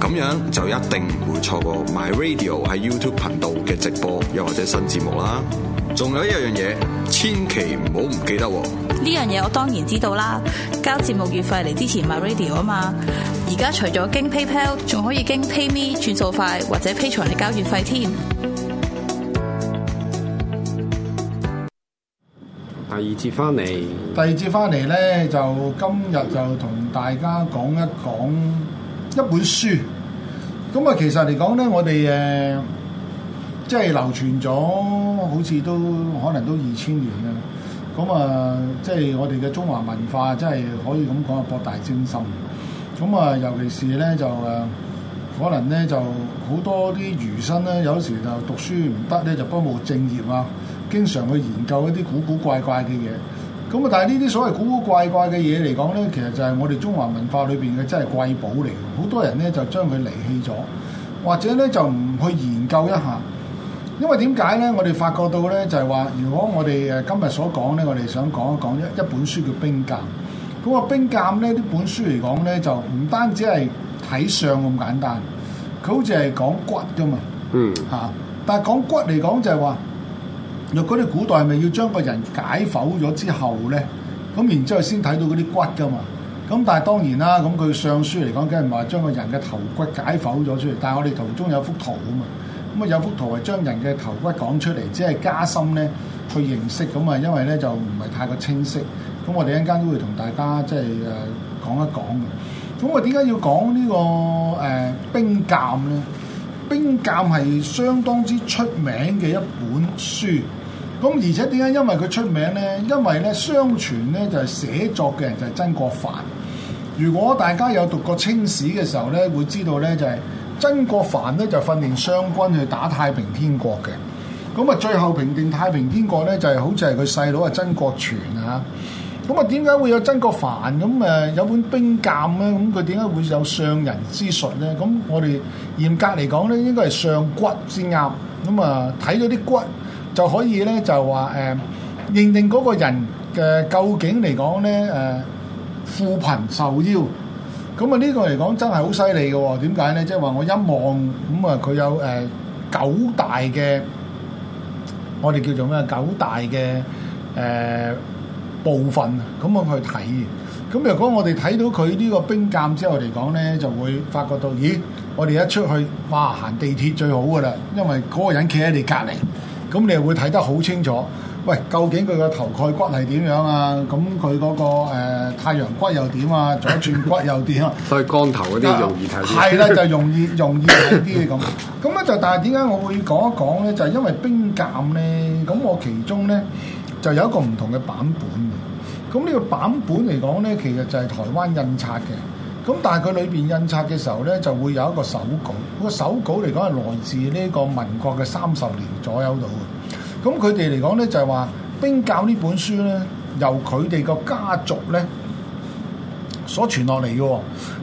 咁樣就一定唔會錯過 My Radio 喺 YouTube 頻道嘅直播，又或者新節目啦。仲有一樣嘢，千祈唔好唔記得喎、啊。呢樣嘢我當然知道啦，交節目月費嚟支持 My Radio 啊嘛。而家除咗經 PayPal，仲可以經 PayMe 轉數快，或者 Patreon 嚟交月費添。第二節翻嚟，第二節翻嚟咧，就今日就同大家講一講。一本書，咁啊，其實嚟講咧，我哋誒即係流傳咗，好似都可能都二千年啦。咁啊，即係我哋嘅中華文化，真係可以咁講啊，博大精深。咁啊，尤其是咧就誒、啊，可能咧就好多啲儒生咧，有時就讀書唔得咧，就不務正業啊，經常去研究一啲古古怪怪嘅嘢。咁啊！但係呢啲所謂古古怪怪嘅嘢嚟講咧，其實就係我哋中華文化裏邊嘅真係瑰寶嚟嘅。好多人咧就將佢離棄咗，或者咧就唔去研究一下。因為點解咧？我哋發覺到咧，就係話，如果我哋誒今日所講咧，我哋想講一講一一本書叫《冰鑑》。咁啊，《冰鑑》咧呢本書嚟講咧，就唔單止係睇相咁簡單，佢好似係講骨㗎嘛。嗯。嚇！但係講骨嚟講就係話。若果啲古代係咪要將個人解剖咗之後咧，咁然之後先睇到嗰啲骨噶嘛？咁但係當然啦，咁佢上書嚟講，梗係唔係將個人嘅頭骨解剖咗出嚟？但係我哋途中有幅圖啊嘛，咁啊有幅圖係將人嘅頭骨講出嚟，只係加深咧去認識咁啊，因為咧就唔係太過清晰。咁我哋一陣間都會同大家即係誒講一講嘅。咁我點解要講、呢個呃、冰呢個誒冰鑑咧？冰鑑係相當之出名嘅一本書。咁而且點解？因為佢出名呢？因為咧相傳咧就係、是、寫作嘅人就係曾國藩。如果大家有讀過清史嘅時候咧，會知道咧就係、是、曾國藩咧就是、訓練湘軍去打太平天國嘅。咁啊，最後平定太平天國咧就係、是、好似係佢細佬啊曾國荃啊。咁啊，點解會有曾國藩咁誒有本冰鑑咧？咁佢點解會有相人之術呢？咁我哋嚴格嚟講咧，應該係相骨先啱。咁啊，睇咗啲骨。就可以咧就話誒、呃、認定嗰個人嘅究竟嚟講咧誒富貧壽夭。咁啊呢個嚟講真係好犀利嘅喎，點解咧？即係話我一望咁啊，佢有誒、呃、九大嘅我哋叫做咩啊九大嘅誒、呃、部分，咁樣去睇。咁若果我哋睇到佢呢個冰鑑之後嚟講咧，就會發覺到咦，我哋一出去，哇，行地鐵最好㗎啦，因為嗰個人企喺你隔籬。咁你又會睇得好清楚，喂，究竟佢個頭蓋骨係點樣啊？咁佢嗰個、呃、太陽骨又點啊？左轉骨又點啊？ 所以光頭嗰啲容易睇，係啦，就容易容易睇啲嘅咁。咁咧就，但係點解我會講一講咧？就係、是、因為冰鑑咧，咁我其中咧就有一個唔同嘅版本。咁呢個版本嚟講咧，其實就係台灣印刷嘅。咁但係佢裏邊印刷嘅時候咧，就會有一個手稿。個手稿嚟講係來自呢個民國嘅三十年左右度嘅。咁佢哋嚟講咧就係話《冰鑑》呢本書咧，由佢哋個家族咧所傳落嚟嘅。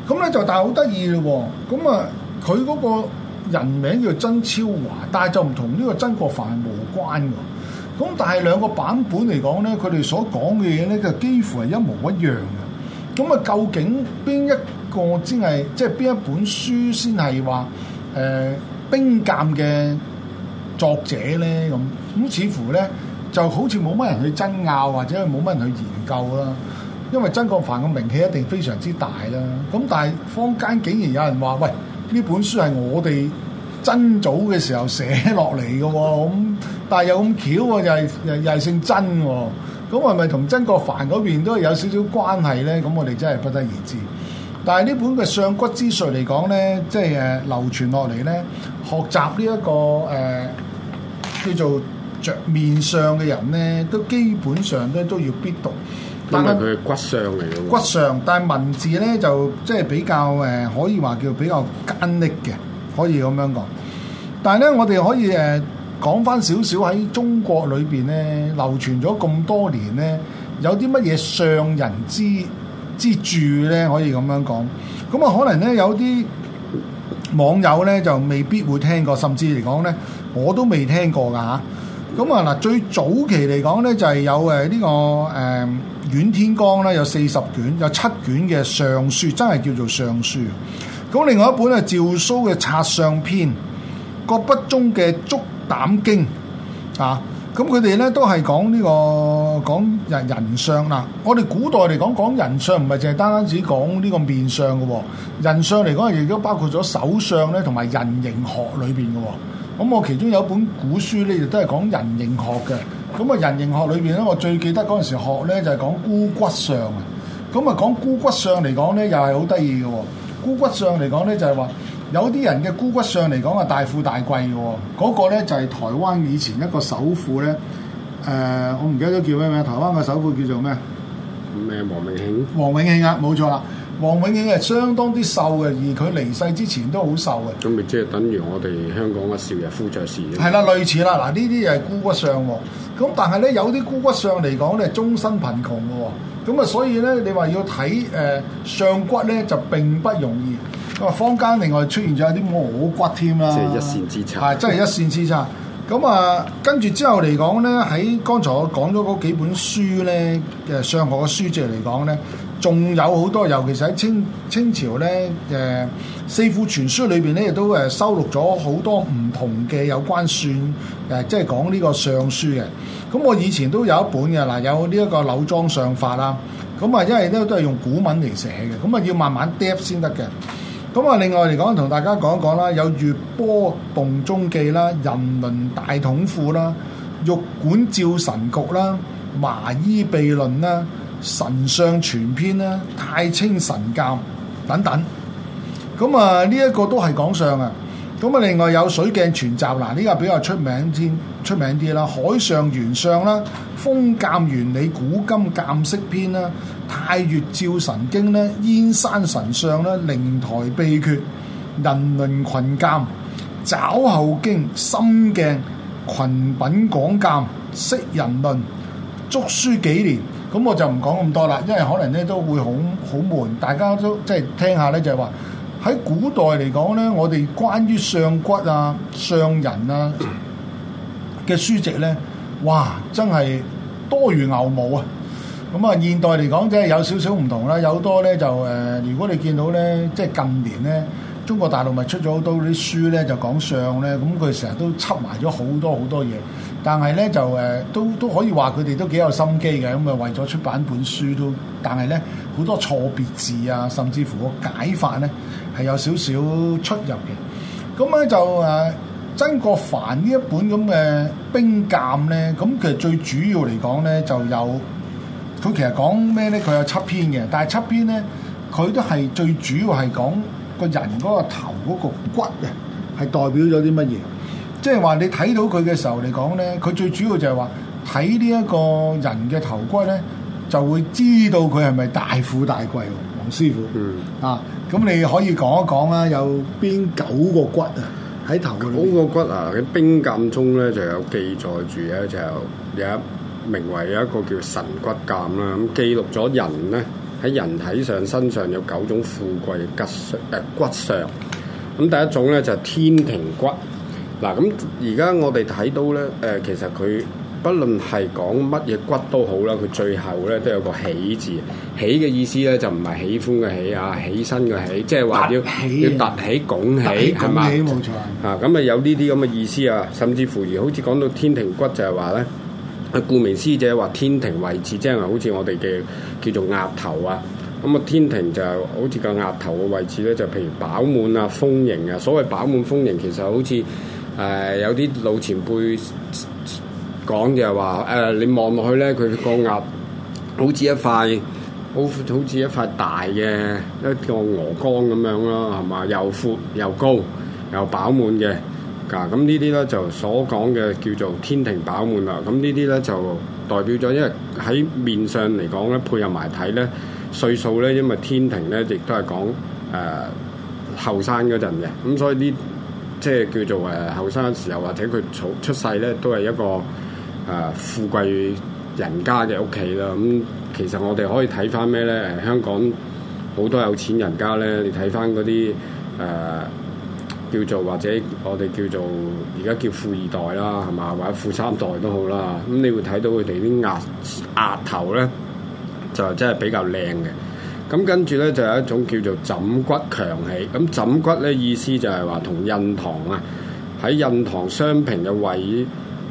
咁咧就但係好得意喎。咁啊，佢嗰個人名叫曾超華，但係就唔同呢個曾國藩無關嘅。咁但係兩個版本嚟講咧，佢哋所講嘅嘢咧就幾乎係一模一樣嘅。咁啊，究竟邊一個先係即係邊一本書先係話誒《冰鑑》嘅作者咧？咁咁似乎咧就好似冇乜人去爭拗，或者冇乜人去研究啦。因為曾國藩嘅名氣一定非常之大啦。咁但係坊間竟然有人話，喂，呢本書係我哋曾祖嘅時候寫落嚟嘅喎。咁但係有咁巧，又係又係姓曾喎，哦。咁係咪同曾國藩嗰邊都係有少少關係咧？咁我哋真係不得而知。但係呢本嘅《相骨之術》嚟講咧，即係誒流傳落嚟咧，學習呢、這、一個誒、呃、叫做着面相嘅人咧，都基本上咧都要必讀。但係佢係骨相嚟嘅。骨相，但係文字咧就即係比較誒、呃，可以話叫比較艱澀嘅，可以咁樣講。但係咧，我哋可以誒。呃講翻少少喺中國裏邊咧，流傳咗咁多年咧，有啲乜嘢上人之之著咧？可以咁樣講。咁啊，可能咧有啲網友咧就未必會聽過，甚至嚟講咧我都未聽過噶嚇。咁啊嗱，最早期嚟講咧就係、是、有誒、這個呃、呢個誒《遠天光》咧，有四十卷，有七卷嘅《上書》，真係叫做《上書》。咁另外一本係《趙蘇》嘅《策上篇》，個筆中嘅足。膽經啊，咁佢哋咧都係講呢個講人人相啦。我哋古代嚟講講人相唔係淨係單單止講呢個面相嘅，人相嚟講亦都包括咗手相咧同埋人形學裏邊嘅。咁我其中有一本古書咧，亦都係講人形學嘅。咁啊人形學裏邊咧，我最記得嗰陣時學咧就係講孤骨相。咁啊講孤骨相嚟講咧，又係好得意嘅。孤骨相嚟講咧就係、是、話。有啲人嘅孤骨相嚟講啊，大富大貴嘅喎、哦，嗰、那個咧就係、是、台灣以前一個首富咧，誒、呃，我唔記得咗叫咩名，台灣嘅首富叫做咩？咩王永慶？王永慶啊，冇錯啦，王永慶係相當之瘦嘅，而佢離世之前都好瘦嘅。咁咪即係等於我哋香港嘅邵逸夫爵士咯。係啦，類似啦，嗱呢啲又係孤骨相喎、哦。咁但係咧，有啲孤骨相嚟講咧，終身貧窮嘅喎、哦。咁啊，所以咧，你話要睇誒、呃、上骨咧，就並不容易。咁啊，坊間另外出現咗一啲摸骨添啦，即係一線之差，係真係一線之差。咁啊，跟住之後嚟講咧，喺剛才我講咗嗰幾本書咧嘅相學嘅書籍嚟講咧，仲有好多，尤其是喺清清朝咧嘅、呃、四庫全書裏邊咧，亦都誒收錄咗好多唔同嘅有關算誒、呃，即係講呢個相書嘅。咁我以前都有一本嘅嗱、呃，有呢一個柳莊相法啦。咁啊，因為咧都係用古文嚟寫嘅，咁啊要慢慢 d e 先得嘅。咁啊，另外嚟講，同大家講一講啦，有《月波洞中記》啦，《人倫大統賦》啦，《玉管照神局》啦，《麻衣秘論》啦，《神相全篇》啦，《太清神鑑》等等。咁啊，呢一個都係講相啊。咁啊，另外有《水鏡全集》，嗱呢個比較出名添，出名啲啦，《海上玄相》啦，《風鑑原理》、《古今鑑識篇》啦。太月照神經咧，燕山神相咧，靈台秘訣，人倫群鑑，爪後經心鏡群品廣鑑識人倫，足書幾年。咁我就唔講咁多啦，因為可能咧都會好好悶，大家都即係聽下咧，就係話喺古代嚟講咧，我哋關於上骨啊、上人啊嘅書籍咧，哇，真係多如牛毛啊！咁啊，現代嚟講啫，有少少唔同啦。有多咧就誒、呃，如果你見到咧，即係近年咧，中國大陸咪出咗好多啲書咧，就講相咧，咁佢成日都輯埋咗好多好多嘢。但係咧就誒，都都可以話佢哋都幾有心機嘅。咁啊，為咗出版本書都，但係咧好多錯別字啊，甚至乎個解法咧係有少少出入嘅。咁咧就誒、呃，曾國藩呢一本咁嘅冰鑑咧，咁其實最主要嚟講咧就有。佢其實講咩咧？佢有七篇嘅，但係七篇咧，佢都係最主要係講個人嗰個頭嗰個骨嘅，係代表咗啲乜嘢？即係話你睇到佢嘅時候嚟講咧，佢最主要就係話睇呢一個人嘅頭骨咧，就會知道佢係咪大富大貴喎？黃師傅，嗯啊，咁你可以講一講啦，有邊九,九個骨啊？喺頭嗰九個骨啊！喺冰鑑中咧就有記載住咧，就有一。Yeah. 名為有一個叫神骨鑑啦，咁記錄咗人咧喺人體上身上有九種富貴嘅吉、呃、骨，誒骨相。咁第一種咧就係、天庭骨。嗱，咁而家我哋睇到咧，誒其實佢不論係講乜嘢骨都好啦，佢最後咧都有個喜字。喜嘅意思咧就唔係喜歡嘅喜啊，起身嘅喜，即係話要起、啊、要凸起拱起係嘛？冇錯，嚇咁起吧啊有呢啲咁嘅意思啊，甚至乎而好似講到天庭骨就係話咧。顧名思義話天庭位置，即係好似我哋嘅叫做額頭啊。咁啊，天庭就好似個額頭嘅位置咧，就譬如飽滿啊、豐盈啊。所謂飽滿豐盈，其實好似誒、呃、有啲老前輩講就係話誒，你望落去咧，佢個額好似一塊好好似一塊大嘅一個鵝肝咁樣咯，係嘛？又闊又高又飽滿嘅。咁、嗯、呢啲咧就所講嘅叫做天庭飽滿啦，咁、嗯、呢啲咧就代表咗，因為喺面上嚟講咧，配合埋睇咧歲數咧，因為天庭咧亦都係講誒後生嗰陣嘅，咁、呃嗯、所以呢即係叫做誒後生嘅時候或者佢出世咧都係一個誒、呃、富貴人家嘅屋企啦。咁、嗯、其實我哋可以睇翻咩咧？誒香港好多有錢人家咧，你睇翻嗰啲誒。呃叫做或者我哋叫做而家叫富二代啦，係嘛？或者富三代都好啦。咁你會睇到佢哋啲額額頭咧，就真係比較靚嘅。咁跟住咧就有一種叫做枕骨強起。咁枕骨咧意思就係話同印堂啊，喺印堂雙平嘅位，就是，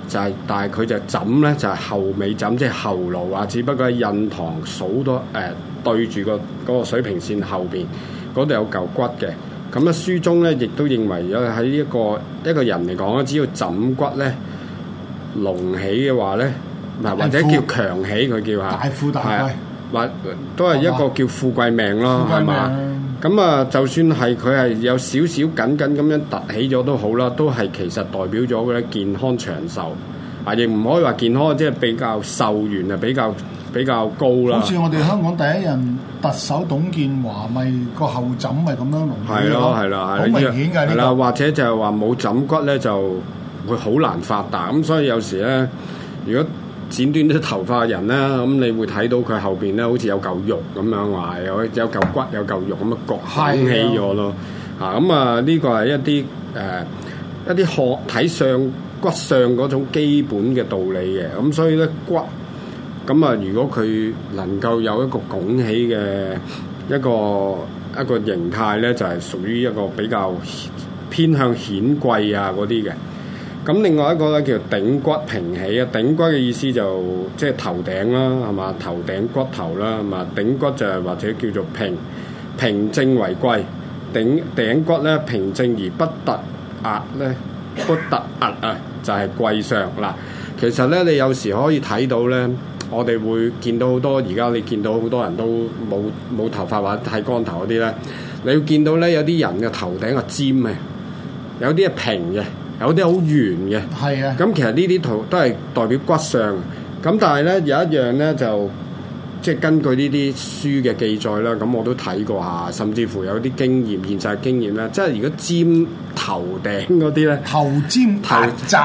就係，但係佢就枕咧就係後尾枕，即係後腦啊。只不過印堂數多誒對住個嗰個水平線後邊嗰度有嚿骨嘅。咁啊，書中咧亦都認為，喺一個一個人嚟講咧，只要枕骨咧隆起嘅話咧，嗱富或者叫強起，佢叫吓大富大貴，或、啊、都係一個叫富貴命咯，係嘛吧？咁啊，就算係佢係有少少緊緊咁樣凸起咗都好啦，都係其實代表咗佢咧健康長壽。啊，亦唔可以話健康，即係比較壽元啊，比較比較高啦。好似我哋香港第一任特首董建華，咪個後枕咪咁樣隆起咯。係咯，係啦，係啦，明顯嘅，或者就係話冇枕骨咧，就會好難發達。咁所以有時咧，如果剪短啲頭髮嘅人咧，咁你會睇到佢後邊咧，好似有嚿肉咁樣，話有有嚿骨有嚿肉咁啊，拱起咗咯。啊，咁啊，呢個係一啲誒一啲學睇相。骨上嗰種基本嘅道理嘅，咁所以咧骨，咁啊如果佢能夠有一個拱起嘅一個一個形態咧，就係屬於一個比較偏向顯貴啊嗰啲嘅。咁另外一個咧叫頂骨平起啊，頂骨嘅意思就即係頭頂啦，係嘛，頭頂骨頭啦，係嘛，頂骨就係或者叫做平平正為貴，頂頂骨咧平正而不突壓咧。骨突啊，就係貴相啦。其實咧，你有時可以睇到咧，我哋會見到好多而家你見到好多人都冇冇頭髮或者剃光頭嗰啲咧，你會見到咧有啲人嘅頭頂係尖嘅，有啲係平嘅，有啲好圓嘅。係啊的。咁其實呢啲圖都係代表骨相。咁但係咧有一樣咧就。即係根據呢啲書嘅記載啦，咁我都睇過下，甚至乎有啲經驗現實經驗啦。即係如果尖頭頂嗰啲咧，頭尖頭窄，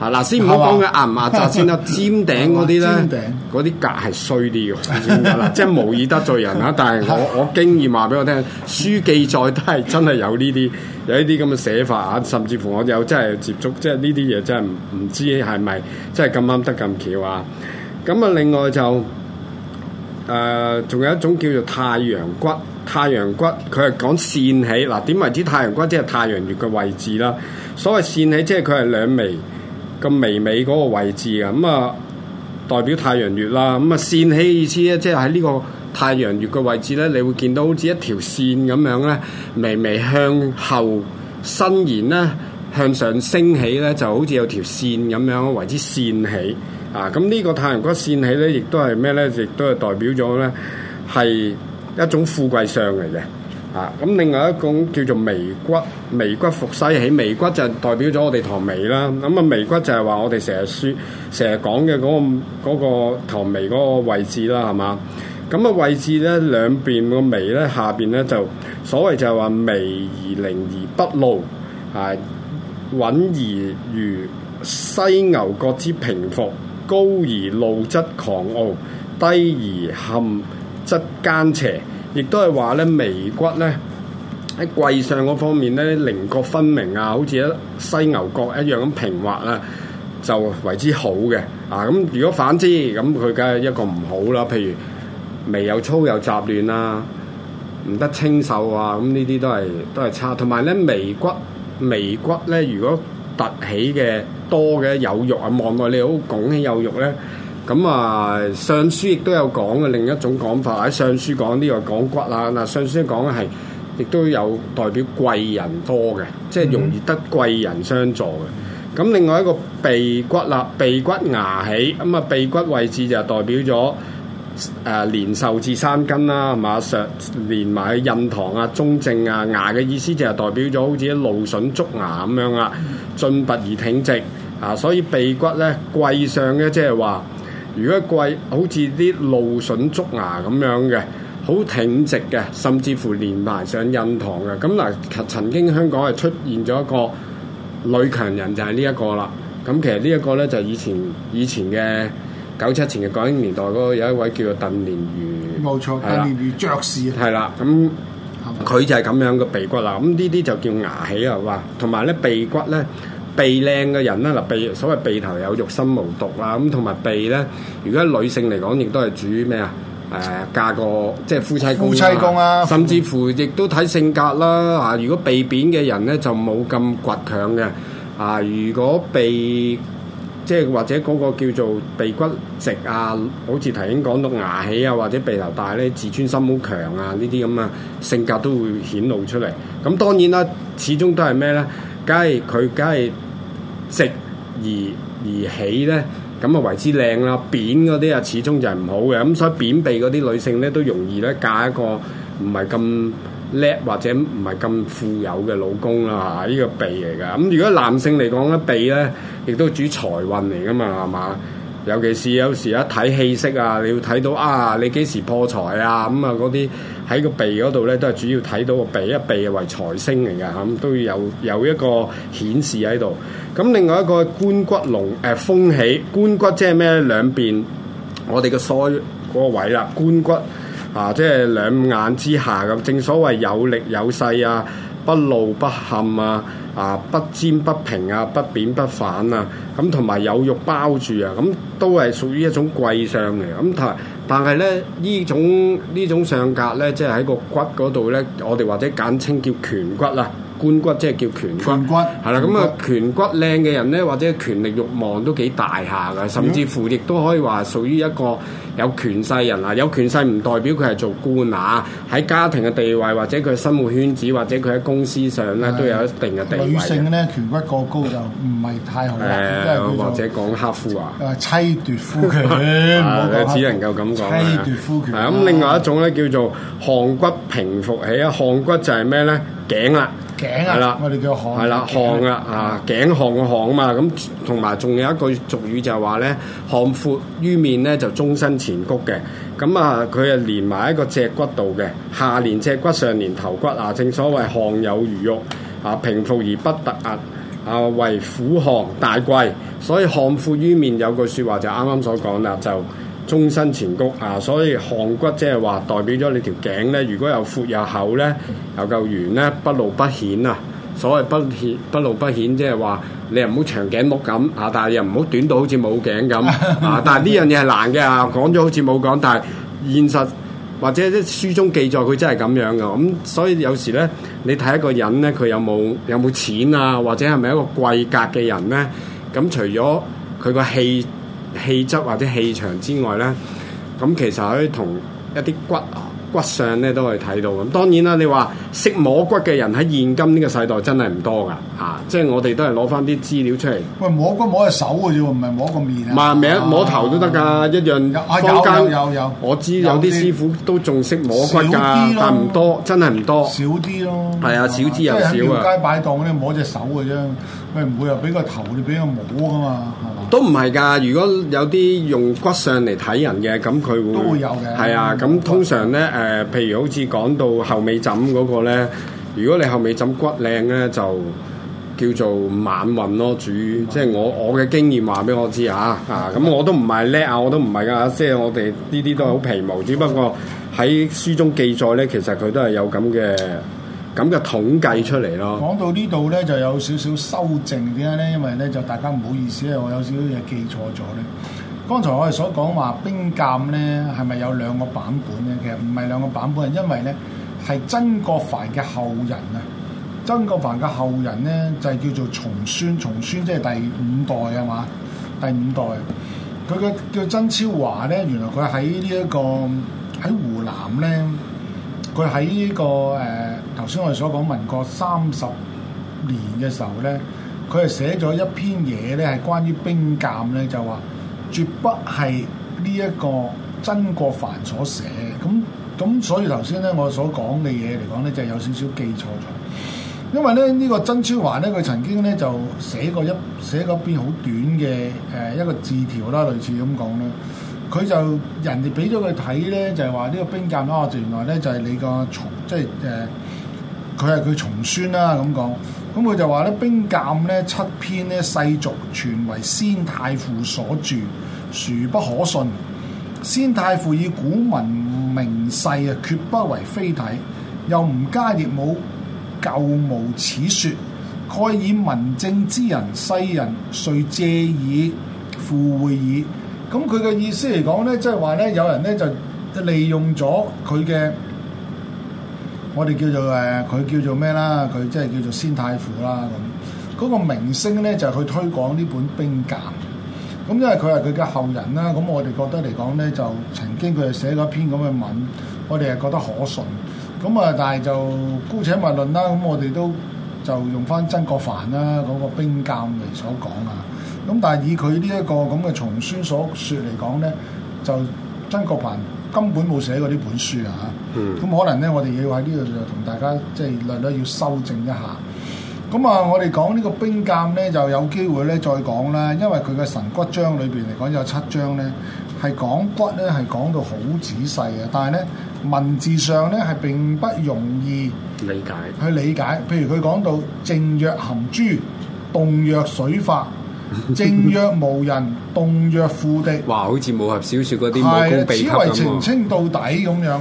嚇嗱頭，先唔好講佢壓唔壓窄先啦，尖頂嗰啲咧，嗰啲格係衰啲嘅嗱，即係無意得罪人啊！ 但係我我經驗話俾我聽， 書記載都係真係有呢啲有呢啲咁嘅寫法啊，甚至乎我有真係接觸，即係呢啲嘢真係唔唔知係咪真係咁啱得咁巧啊！咁啊，另外就。誒，仲、呃、有一種叫做太陽骨，太陽骨佢係講線起嗱。點為之太陽骨？即係太陽穴嘅位置啦。所謂線起，即係佢係兩眉咁微微嗰個位置啊。咁啊，代表太陽穴啦。咁啊，線起意思咧，即係喺呢個太陽穴嘅位置咧，你會見到好似一條線咁樣咧，微微向後伸延咧，向上升起咧，就好似有條線咁樣為之線起。啊！咁、這、呢個太陽骨線起咧，亦都係咩咧？亦都係代表咗咧，係一種富貴相嚟嘅。啊！咁另外一種叫做眉骨，眉骨伏犀起，眉骨就代表咗我哋唐眉啦。咁啊，眉骨就係話我哋成日説、成日講嘅嗰個嗰、那個、唐眉嗰個位置啦，係嘛？咁啊，位置咧，兩邊個眉咧，下邊咧，就所謂就係話眉，而靈而不露，係、啊、穩而如犀牛角之平伏。高而露則狂傲，低而陷則奸邪，亦都係話咧眉骨咧喺貴上嗰方面咧，棱角分明啊，好似一犀牛角一樣咁平滑啊，就為之好嘅啊。咁如果反之，咁佢梗係一個唔好啦。譬如眉又粗又雜亂啊，唔得清秀啊，咁呢啲都係都係差。同埋咧眉骨眉骨咧，如果突起嘅多嘅有肉啊，望落你好拱起有肉咧。咁啊，上書亦都有講嘅另一種講法，喺上書講呢個講骨啦。嗱，上書講嘅係亦都有代表貴人多嘅，即係容易得貴人相助嘅。咁另外一個鼻骨啦，鼻骨牙起咁啊，鼻骨位置就代表咗。誒連壽至山根啦，係嘛？上連埋印堂啊、中正啊、牙嘅意思就係代表咗好似啲露筍竹牙咁樣啊，俊拔而挺直啊，所以鼻骨咧貴上咧即係話，如果貴好似啲露筍竹牙咁樣嘅，好挺直嘅，甚至乎連埋上印堂嘅，咁嗱、呃、曾經香港係出現咗一個女強人就係呢一個啦，咁其實呢一個咧就係、以前以前嘅。九七前嘅國興年代嗰個有一位叫做鄧蓮如，冇錯，鄧蓮如爵士，係啦，咁佢就係咁樣嘅鼻骨啦。咁呢啲就叫牙起啊，同埋咧鼻骨咧，鼻靚嘅人咧，嗱鼻所謂鼻頭有肉心無毒啦。咁同埋鼻咧，如果女性嚟講，亦都係主咩啊？誒，嫁個即係夫妻夫妻宮啊，甚至乎亦都睇性格啦。啊，如果鼻扁嘅人咧，就冇咁倔強嘅。啊，如果鼻即係或者嗰個叫做鼻骨直啊，好似頭先講到牙起啊，或者鼻頭大咧，自尊心好強啊，呢啲咁啊性格都會顯露出嚟。咁當然啦，始終都係咩咧？梗係佢梗係直而而起咧，咁咪為之靚啦。扁嗰啲啊，始終就係唔好嘅。咁所以扁鼻嗰啲女性咧，都容易咧嫁一個唔係咁叻或者唔係咁富有嘅老公啦，呢、啊呢個鼻嚟㗎。咁如果男性嚟講咧，鼻咧亦都主財運嚟㗎嘛，係嘛？尤其是有時一睇氣息會啊，你要睇到啊，你幾時破財啊？咁啊嗰啲喺個鼻嗰度咧，都係主要睇到個鼻，一鼻係為財星嚟㗎，咁都要有有一個顯示喺度。咁另外一個顴骨龍誒、呃、風起顴骨，那個、骨，即係咩？兩邊我哋個腮嗰個位啦，顴骨。啊，即係兩眼之下咁，正所謂有力有勢啊，不露不陷啊，啊不尖不平啊，不扁不反啊，咁同埋有肉包住啊，咁、啊、都係屬於一種貴相嚟。咁、啊、但但係咧，呢種呢種上格咧，即係喺個骨嗰度咧，我哋或者簡稱叫顴骨啊。官骨即係叫顴骨，係啦骨。咁啊的，顴骨靚嘅人咧，或者權力慾望都幾大下嘅，甚至乎亦都可以話屬於一個有權勢人啊。有權勢唔代表佢係做官啊，喺家庭嘅地位，或者佢嘅生活圈子，或者佢喺公司上咧，的都有一定嘅地位。女性咧，顴骨過高就唔係太好啦。 或者講剋夫啊？妻奪夫權啊！ 啊只能夠咁講妻奪夫權，咁另外一種咧，叫做項骨平伏起啊。項骨就係咩咧？頸啦。係啦，我哋叫項，係啦項啊，的啊頸項嘅項啊嘛，咁同埋仲有一句俗語就係話咧，項闊於面咧就終身前谷嘅，咁啊佢啊連埋一個脊骨度嘅，下連脊骨上連頭骨啊，正所謂項有如玉啊，平伏而不突壓啊，為虎項大貴，所以項闊於面有句説話就啱啱所講啦就。終身前谷啊，所以項骨即係話代表咗你條頸咧，如果有闊有厚咧，又夠圓咧，不露不顯啊。所謂不顯不露不顯，即係話你又唔好長頸鹿咁啊，但係又唔好短到好似冇頸咁啊。但係呢樣嘢係難嘅啊，講咗好似冇講，但係現實或者啲書中記載佢真係咁樣噶。咁所以有時咧，你睇一個人咧，佢有冇有冇錢啊，或者係咪一個貴格嘅人咧？咁、啊、除咗佢個氣。氣質或者氣場之外咧，咁其實可以同一啲骨骨相咧都可以睇到。咁當然啦、啊，你話識摸骨嘅人喺現今呢個世代真係唔多噶吓、啊，即係我哋都係攞翻啲資料出嚟。喂，摸骨摸隻手㗎啫，唔係摸個面啊？唔係、啊，名摸頭都得噶，啊、一樣坊間有有。有有有，我知有啲師傅都仲識摸骨㗎，但唔多，真係唔多。少啲咯。係啊，少之又少。街、啊、擺檔嗰啲摸隻手㗎啫，喂，唔會又俾個頭你俾佢摸㗎嘛？啊啊啊啊啊啊都唔係㗎，如果有啲用骨相嚟睇人嘅，咁佢會，都會有嘅。係啊的，咁通常咧，誒、呃，譬如好似講到後尾枕嗰個咧，如果你後尾枕骨靚咧，就叫做晚運咯。主、嗯、即係我的我嘅經驗話俾我知啊，啊，咁的我都唔係叻啊，我都唔係㗎，即、就、係、是、我哋呢啲都係好皮毛，嗯、只不過喺書中記載咧，其實佢都係有咁嘅。咁嘅統計出嚟咯。講到呢度咧，就有少少修正。點解咧？因為咧，就大家唔好意思啊，我有少少嘢記錯咗咧。剛才我哋所講話冰鑑咧，係咪有兩個版本咧？其實唔係兩個版本，係因為咧係曾國藩嘅後人啊。曾國藩嘅後人咧就係叫做重孫，重孫即係第五代呀嘛？第五代佢嘅叫曾超華咧，原來佢喺呢一個喺湖南咧，佢喺呢個誒。呃頭先我哋所講民國三十年嘅時候咧，佢係寫咗一篇嘢咧，係關於冰鑑咧，就話絕不係呢一個曾國藩所寫。咁咁所以頭先咧我所講嘅嘢嚟講咧，就係、是、有少少記錯咗。因為咧呢、這個曾超華咧，佢曾經咧就寫過一寫一篇好短嘅誒、呃、一個字條啦，類似咁講咧。佢就人哋俾咗佢睇咧，就係話呢個冰鑑啊，原來咧就係你個即係誒。呃佢係佢重孫啦、啊，咁講，咁、嗯、佢就話咧，《冰鑑呢》呢七篇呢世俗，全為先太傅所著，殊不可信。先太傅以古文明世啊，決不為非體，又唔加熱武，舊無此説。蓋以文正之人世人，遂借以附會矣。嗯」咁佢嘅意思嚟講呢，即係話呢有人呢，就利用咗佢嘅。我哋叫做誒，佢叫做咩啦？佢即係叫做先太傅啦咁。嗰、那個明星咧就是、去推廣呢本冰鑑。咁因為佢係佢嘅後人啦，咁我哋覺得嚟講咧，就曾經佢係寫過一篇咁嘅文，我哋係覺得可信。咁啊，但係就姑且勿論啦。咁我哋都就用返曾國藩啦嗰個冰鑑嚟所講啊。咁但係以佢呢一個咁嘅從孫所説嚟講咧，就曾國藩根本冇寫過呢本書啊。嗯咁可能咧，我哋要喺呢度就同大家即係略略要修正一下。咁啊，我哋講呢個冰鑑咧，就有機會咧再講啦。因為佢嘅神骨章裏邊嚟講，有七章咧係講骨咧，係講到好仔細嘅。但係咧文字上咧係並不容易理解去理解。譬如佢講到靜若含珠，動若水法；靜若無人，動若負敵。哇！好似武俠小說嗰啲武功秘笈咁啊！此為澄清到底咁樣。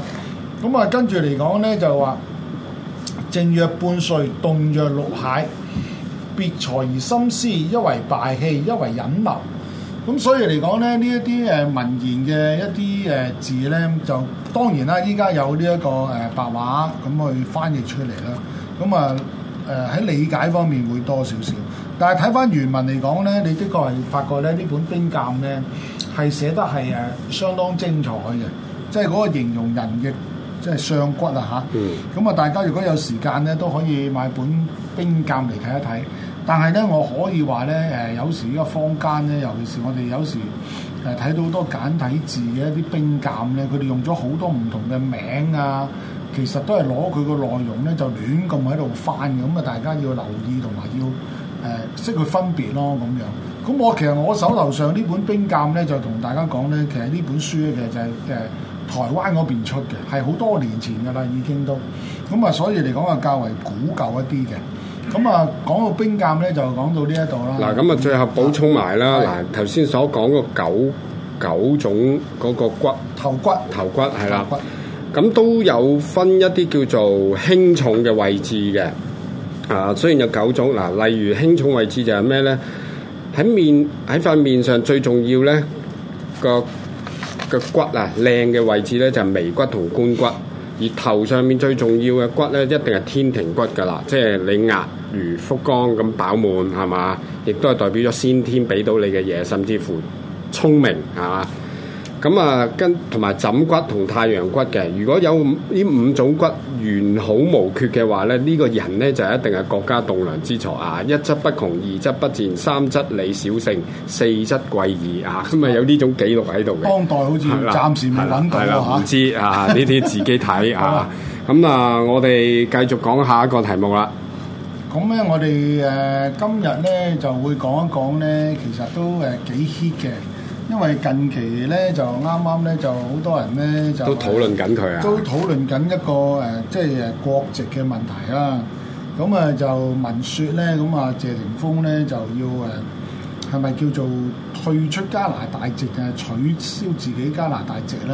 咁啊，跟住嚟講咧，就話靜若半睡，動若鹿駭，別才而深思，一為敗氣，一為隱謀。咁所以嚟講咧，呢一啲誒文言嘅一啲誒字咧，就當然啦，依家有呢一個誒白話咁去翻譯出嚟啦。咁啊誒喺理解方面會多少少，但係睇返原文嚟講咧，你的確係發覺咧呢本《冰鑑》咧係寫得係誒相當精彩嘅，即係嗰個形容人嘅。即係相骨啊嚇，咁啊、嗯、大家如果有時間咧，都可以買本《冰鑑》嚟睇一睇。但係咧，我可以話咧，誒有時呢個坊間咧，尤其是我哋有時誒睇、呃、到好多簡體字嘅一啲《冰鑑》咧，佢哋用咗好多唔同嘅名啊，其實都係攞佢個內容咧就亂咁喺度翻。咁啊，大家要留意同埋要誒、呃、識佢分別咯咁樣。咁我其實我手頭上呢本《冰鑑》咧，就同大家講咧，其實呢本書咧，其實就係、是、誒。呃台灣嗰邊出嘅係好多年前嘅啦，已經都咁啊，所以嚟講啊，較為古舊一啲嘅。咁啊，講到冰鑑咧，就講到呢一度啦。嗱，咁啊，最後補充埋啦。嗱，頭先所講個九九種嗰個骨頭骨頭骨係啦，咁都有分一啲叫做輕重嘅位置嘅。啊，雖然有九種嗱，例如輕重位置就係咩咧？喺面喺塊面上最重要咧個嘅骨啊，靚嘅位置咧就係眉骨同官骨，而頭上面最重要嘅骨咧一定係天庭骨㗎啦，即係你額如福光咁飽滿係嘛，亦都係代表咗先天俾到你嘅嘢，甚至乎聰明係嘛。咁啊，跟同埋枕骨同太陽骨嘅，如果有呢五,五種骨完好無缺嘅話咧，呢、這個人咧就一定係國家棟樑之才啊！一則不窮，二則不賤，三則理小勝，四則貴矣啊！咁啊，有呢種記錄喺度嘅。當代好似暫時冇揾到喎。唔知啊，呢啲 自己睇 啊。咁啊，我哋繼續講下一個題目啦。咁咧，我哋誒、呃、今日咧就會講一講咧，其實都誒幾 hit 嘅。因為近期咧就啱啱咧就好多人咧就都討論緊佢啊，都討論緊一個誒，即係國籍嘅問題啦。咁啊就聞説咧，咁啊謝霆鋒咧就要誒，係咪叫做退出加拿大籍定係取消自己加拿大籍咧？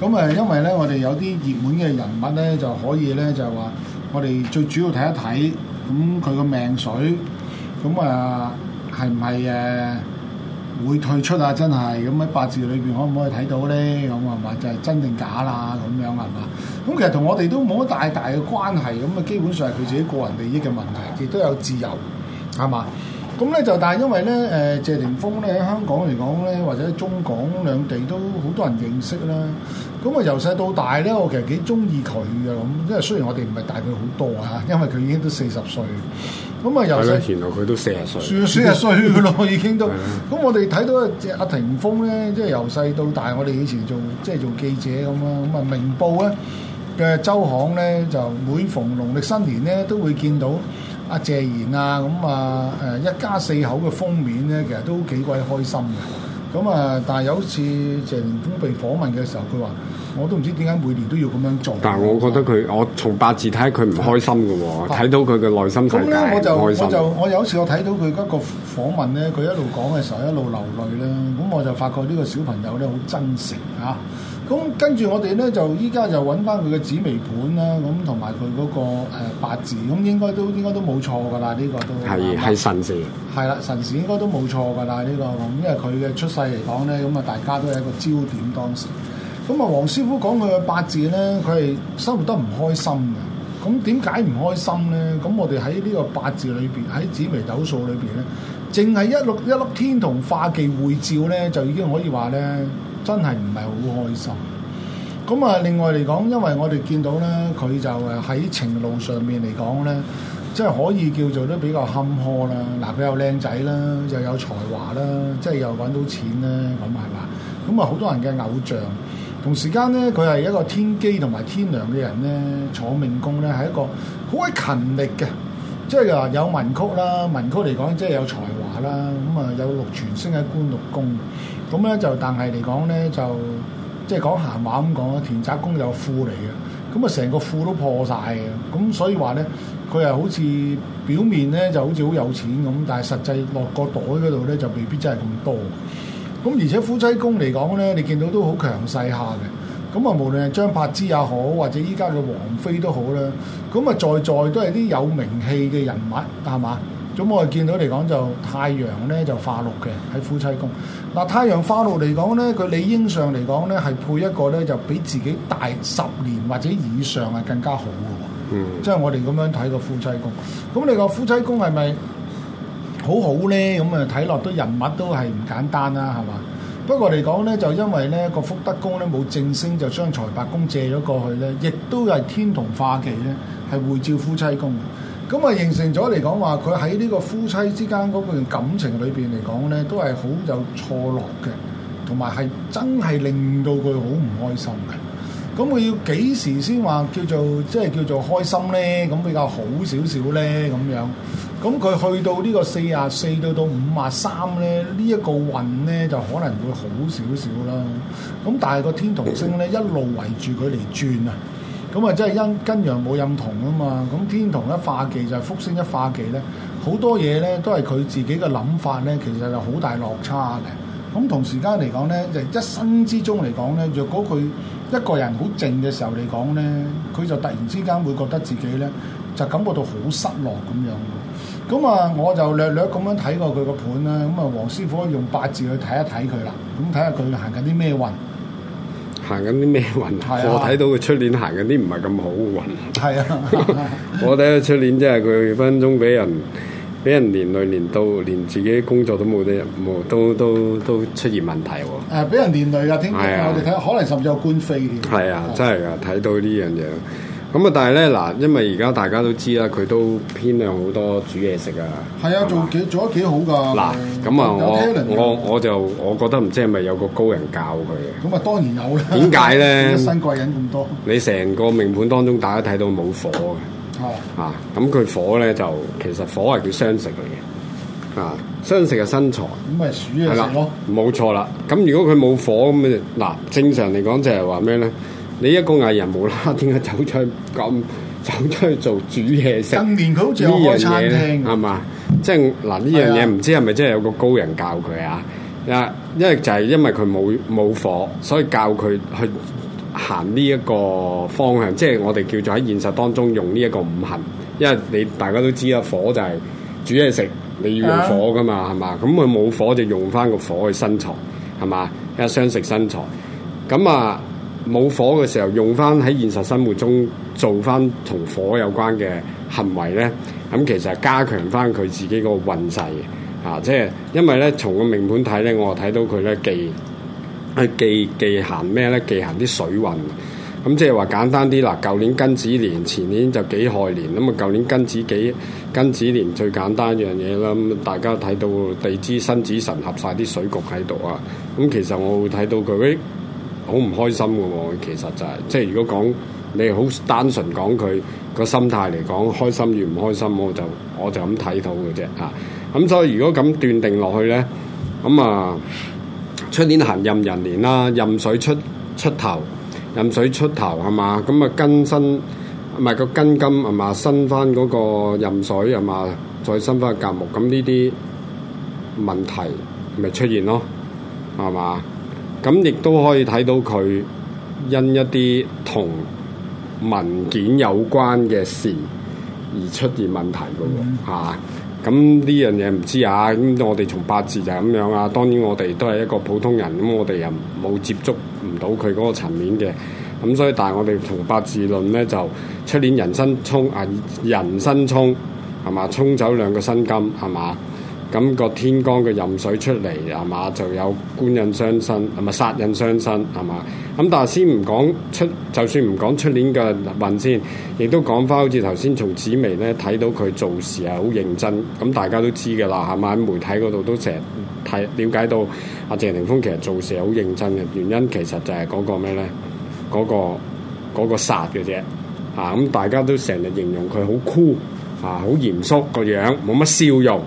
咁啊，因為咧我哋有啲熱門嘅人物咧，就可以咧就話，我哋最主要睇一睇咁佢個命水，咁啊係唔係誒？會退出啊！真係咁喺八字裏邊可唔可以睇到咧？咁啊嘛，就係、是、真定假啦咁樣，係嘛？咁其實同我哋都冇乜大大嘅關係。咁啊，基本上係佢自己個人利益嘅問題，亦都有自由，係嘛？咁咧就，但係因為咧誒、呃、謝霆鋒咧喺香港嚟講咧，或者中港兩地都好多人認識啦。咁啊，由細到大咧，我其實幾中意佢嘅咁，因為雖然我哋唔係大佢好多啊，因為佢已經都四十歲。咁啊，由細原來佢都四十歲，四十歲嘅咯，已經都。咁我哋睇到阿阿霆鋒咧，即係由細到大，我哋以前做即係做記者咁啦。咁啊，《明報》咧嘅週刊咧，就每逢農曆新年咧，都會見到阿、啊、謝賢啊，咁、嗯、啊誒一家四口嘅封面咧，其實都幾鬼開心嘅。咁啊，但係有次謝霆鋒被訪問嘅時候，佢話。我都唔知點解每年都要咁樣做。但係我覺得佢，嗯、我從八字睇佢唔開心嘅喎，睇、嗯、到佢嘅內心狀態唔開心咧，我就我就我有一次我睇到佢一個訪問咧，佢一路講嘅時候一路流淚咧，咁我就發覺呢個小朋友咧好真誠嚇。咁、啊嗯、跟住我哋咧就依家就揾翻佢嘅紫微盤啦，咁同埋佢嗰個、呃、八字，咁、嗯、應該都應該都冇錯嘅啦。呢、這個都係係是吧申時，係啦，申時應該都冇錯嘅啦。呢、這個咁，因為佢嘅出世嚟講咧，咁啊，大家都係一個焦點當時。咁啊，黃師傅講佢嘅八字咧，佢係生活得唔開心嘅。咁點解唔開心咧？咁我哋喺呢個八字裏邊，喺紫微斗數裏邊咧，淨係一六一粒天同化忌會照咧，就已經可以話咧，真係唔係好開心。咁啊，另外嚟講，因為我哋見到咧，佢就誒喺情路上面嚟講咧，即係可以叫做都比較坎坷啦。嗱，佢又靚仔啦，又有才華啦，即係又揾到錢啦。咁係嘛？咁啊，好多人嘅偶像。同時間咧，佢係一個天機同埋天梁嘅人咧，坐命宮咧係一個好鬼勤力嘅，即係又話有文曲啦，文曲嚟講即係有才華啦，咁、嗯、啊有祿存星喺官祿宮，咁、嗯、咧就但係嚟講咧就即係講閒話咁講啦，田宅宮有庫嚟嘅，咁啊成個庫都破晒。嘅、嗯，咁所以話咧佢係好似表面咧就好似好有錢咁，但係實際落個袋嗰度咧就未必真係咁多。咁而且夫妻宮嚟講咧，你見到都好強勢下嘅。咁啊，無論係張柏芝也好，或者依家嘅王菲都好啦。咁啊，在在都係啲有名氣嘅人物，係嘛？咁我哋見到嚟講就太陽咧就化祿嘅喺夫妻宮。嗱，太陽化祿嚟講咧，佢理應上嚟講咧係配一個咧就比自己大十年或者以上係更加好嘅喎。嗯。即係我哋咁樣睇個夫妻宮。咁你個夫妻宮係咪？好好咧，咁啊睇落都人物都係唔簡單啦，係嘛？不過嚟講咧，就因為咧個福德宮咧冇正星，就將財帛宮借咗過去咧，亦都係天同化忌咧，係會照夫妻宮嘅。咁啊形成咗嚟講話，佢喺呢個夫妻之間嗰段感情裏邊嚟講咧，都係好有錯落嘅，同埋係真係令到佢好唔開心嘅。咁佢要幾時先話叫做即係叫做開心咧？咁比較好少少咧咁樣。咁佢去到呢個四十四到到五十三呢，呢、呢、一個運呢，就可能會好少少啦。咁但係個天同星呢，一路圍住佢嚟轉啊。咁啊，即係因跟陽冇任同啊嘛。咁天同一化忌就係福星一化忌呢。好多嘢呢，都係佢自己嘅諗法呢，其實係好大落差嘅。咁同時間嚟講呢，就是、一生之中嚟講呢，若果佢一個人好靜嘅時候嚟講呢，佢就突然之間會覺得自己呢，就感覺到好失落咁樣，咁啊我就略略咁樣睇過佢個盤啦，咁啊黃師傅用八字去睇一睇佢啦，咁睇下佢行緊啲咩運，行緊啲咩運？啊、我睇到佢出年行緊啲唔係咁好嘅運。係啊， 我睇佢出年真係佢分分鐘俾人俾人連累，連到連自己工作都冇得入，冇都都都出現問題喎。誒、啊，俾人連累啊？點？係啊，我哋睇下可能甚至有官非添。係啊，真係噶，睇、嗯、到呢樣嘢。咁啊！但係咧，嗱，因為而家大家都知啦，佢都偏向好多煮嘢食啊。係啊吧，做幾做得幾好噶。嗱，咁啊，我我我就我覺得唔知係咪有個高人教佢嘅。咁啊，當然有啦。點解咧？點解新貴人咁多？你成個命盤當中，大家睇到冇火嘅、 啊。啊。啊，咁佢火咧就其實火係叫相食嚟嘅。啊，相食嘅身材，咁咪鼠嘅食咯。冇錯啦。咁如果佢冇火咁啊，嗱，正常嚟講就係話咩咧？你一個藝人冇啦，點解走出去咁走出去做煮嘢食？近年佢好似有開餐廳，係嘛？即係嗱，呢樣嘢唔知係咪真係有個高人教佢啊？一，因為就係因為佢冇冇火，所以教佢去行呢一個方向，即係我哋叫做喺現實當中用呢一個五行。因為你大家都知啦，火就係煮嘢食，你要用火噶嘛，係嘛？咁佢冇火就用翻個火去生財，係嘛？一，相食生財。咁啊～冇火嘅時候，用翻喺現實生活中做翻同火有關嘅行為咧，咁其實係加強翻佢自己個運勢啊，即係因為咧，從個命盤睇咧，我睇到佢咧忌，忌忌行咩咧？忌行啲水運，咁、啊、即係話簡單啲嗱，舊年庚子年，前年就己亥年，咁啊舊年庚子己庚子年最簡單一樣嘢啦，咁、啊、大家睇到地支申子辰合晒啲水局喺度啊，咁其實我會睇到佢。好唔開心嘅喎，其實就係、是、即係如果講你好單純講佢個心態嚟講，開心與唔開心，我就我就咁睇到嘅啫啊！咁、嗯、所以如果咁斷定落去咧，咁、嗯、啊出年行壬寅年啦，壬水出出頭，壬水出頭係嘛？咁啊根新唔係個根金係嘛？新翻嗰個壬水係嘛？再新翻個甲木，咁呢啲問題咪出現咯，係嘛？咁亦都可以睇到佢因一啲同文件有關嘅事而出現問題嘅喎，嚇！咁呢樣嘢唔知啊！咁、啊、我哋從八字就係咁樣啊。當然我哋都係一個普通人，咁我哋又冇接觸唔到佢嗰個層面嘅。咁所以但係我哋從八字論咧，就出年寅申沖啊，寅申沖係嘛？衝走兩個申金係嘛？咁個天光嘅壬水出嚟，係嘛？就有官印相生，係咪殺印相生？係嘛？咁但係先唔講出，就算唔講出年嘅運先，亦都講翻好似頭先從紫微咧睇到佢做事係好認真。咁大家都知嘅啦，係咪？喺媒體嗰度都成日睇了解到阿謝霆鋒其實做事好認真嘅原因，其實就係嗰個咩咧？嗰個嗰個殺嘅啫。嚇、啊！咁大家都成日形容佢好酷，嚇、啊、好嚴肅個樣，冇乜笑容。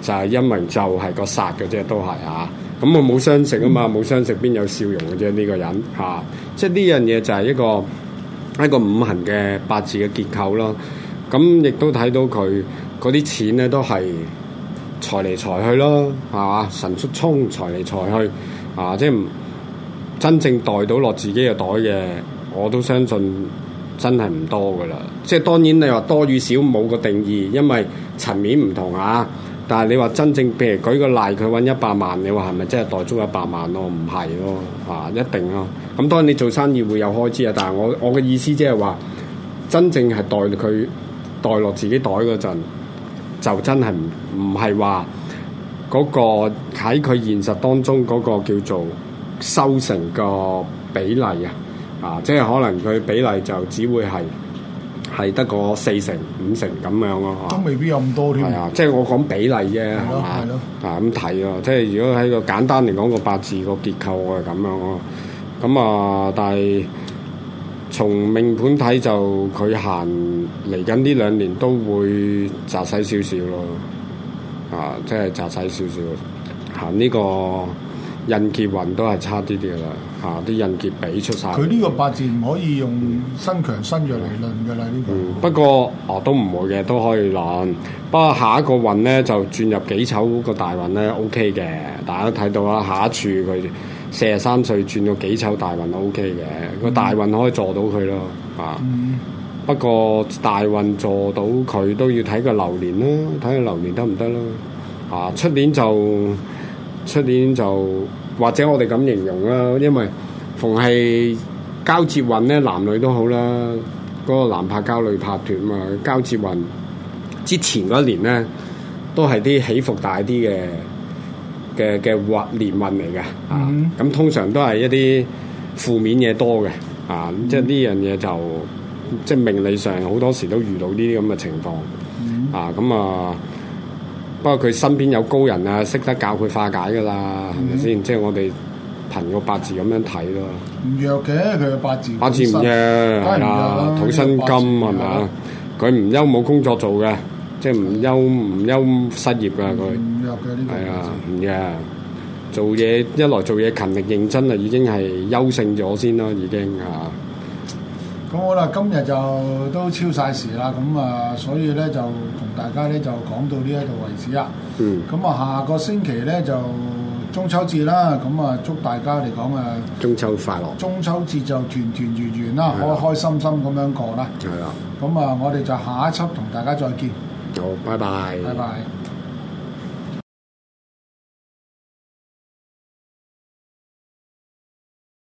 就係因為就係個殺嘅啫，都係啊！咁我冇相食啊嘛，冇相食邊有笑容嘅啫？呢、這個人嚇、啊，即係呢樣嘢就係一個一個五行嘅八字嘅結構咯。咁、啊、亦都睇到佢嗰啲錢咧，都係財嚟財去咯，係、啊、嘛？神速沖財嚟財去啊！即係真正袋到落自己嘅袋嘅，我都相信真係唔多㗎喇。即係當然你話多與少冇個定義，因為層面唔同啊。但係你話真正譬如舉個例，佢揾一百萬，你話係咪真係袋足一百萬咯？唔係咯，啊一定咯。咁、嗯、當然你做生意會有開支啊，但係我我嘅意思即係話，真正係袋佢袋落自己袋嗰陣，就真係唔唔係話嗰個喺佢現實當中嗰個叫做收成個比例啊，啊即係可能佢比例就只會係。係得個四成五成咁樣咯，都未必有咁多添。係啊，啊，即係我講比例啫，係嘛？係咁睇咯，即係如果喺個簡單嚟講個八字個結構係咁樣咯，啊。咁啊，但係從命盤睇就佢行嚟緊呢兩年都會窄細少少咯。啊，即係窄細少少，行呢個印結運都係差啲啲啦。啊！啲印劫俾出晒，佢呢個八字唔可以用身強身弱嚟論嘅啦，呢個。不過啊，都唔會嘅，都可以論。不過下一個運咧就轉入己丑個大運咧，OK 嘅。大家都睇到啦，下一處佢四十三歲轉到己丑大運都 OK 嘅，個大運可以助到佢咯。嗯、啊，不過大運助到佢、啊嗯、都要睇個流年啦，睇下流年得唔得咯。啊，出年就出年就。或者我哋咁形容啦，因為逢係交接運咧，男女都好啦，嗰個男拍交女拍斷嘛，交接運之前嗰一年咧，都係啲起伏大啲嘅嘅嘅運年運嚟嘅、嗯、啊，咁通常都係一啲負面嘢多嘅啊，嗯、即係呢樣嘢就即係命理上好多時都遇到呢啲咁嘅情況、嗯、啊，咁、嗯、啊～不過佢身邊有高人啊，識得教佢化解噶啦，係咪、嗯、先？即係我哋憑個八字咁樣睇咯。唔弱嘅佢八字，八字唔弱，係啊，土生金係咪？佢唔憂冇工作做嘅，即係唔憂唔憂失業噶佢。唔、嗯、弱嘅係、這個、啊，唔弱。做嘢一來做嘢勤力認真啊，已經係優勝咗先咯，已經啊。咁好啦，今日就都超晒時啦，咁啊，所以咧就同大家咧就講到呢一度為止啦。嗯。咁啊，下個星期咧就中秋節啦，咁啊，祝大家嚟講啊。中秋快樂！中秋節就團團圓圓啦，開開心心咁樣過啦。係啦。咁啊，我哋就下一輯同大家再見。好，拜拜。拜拜。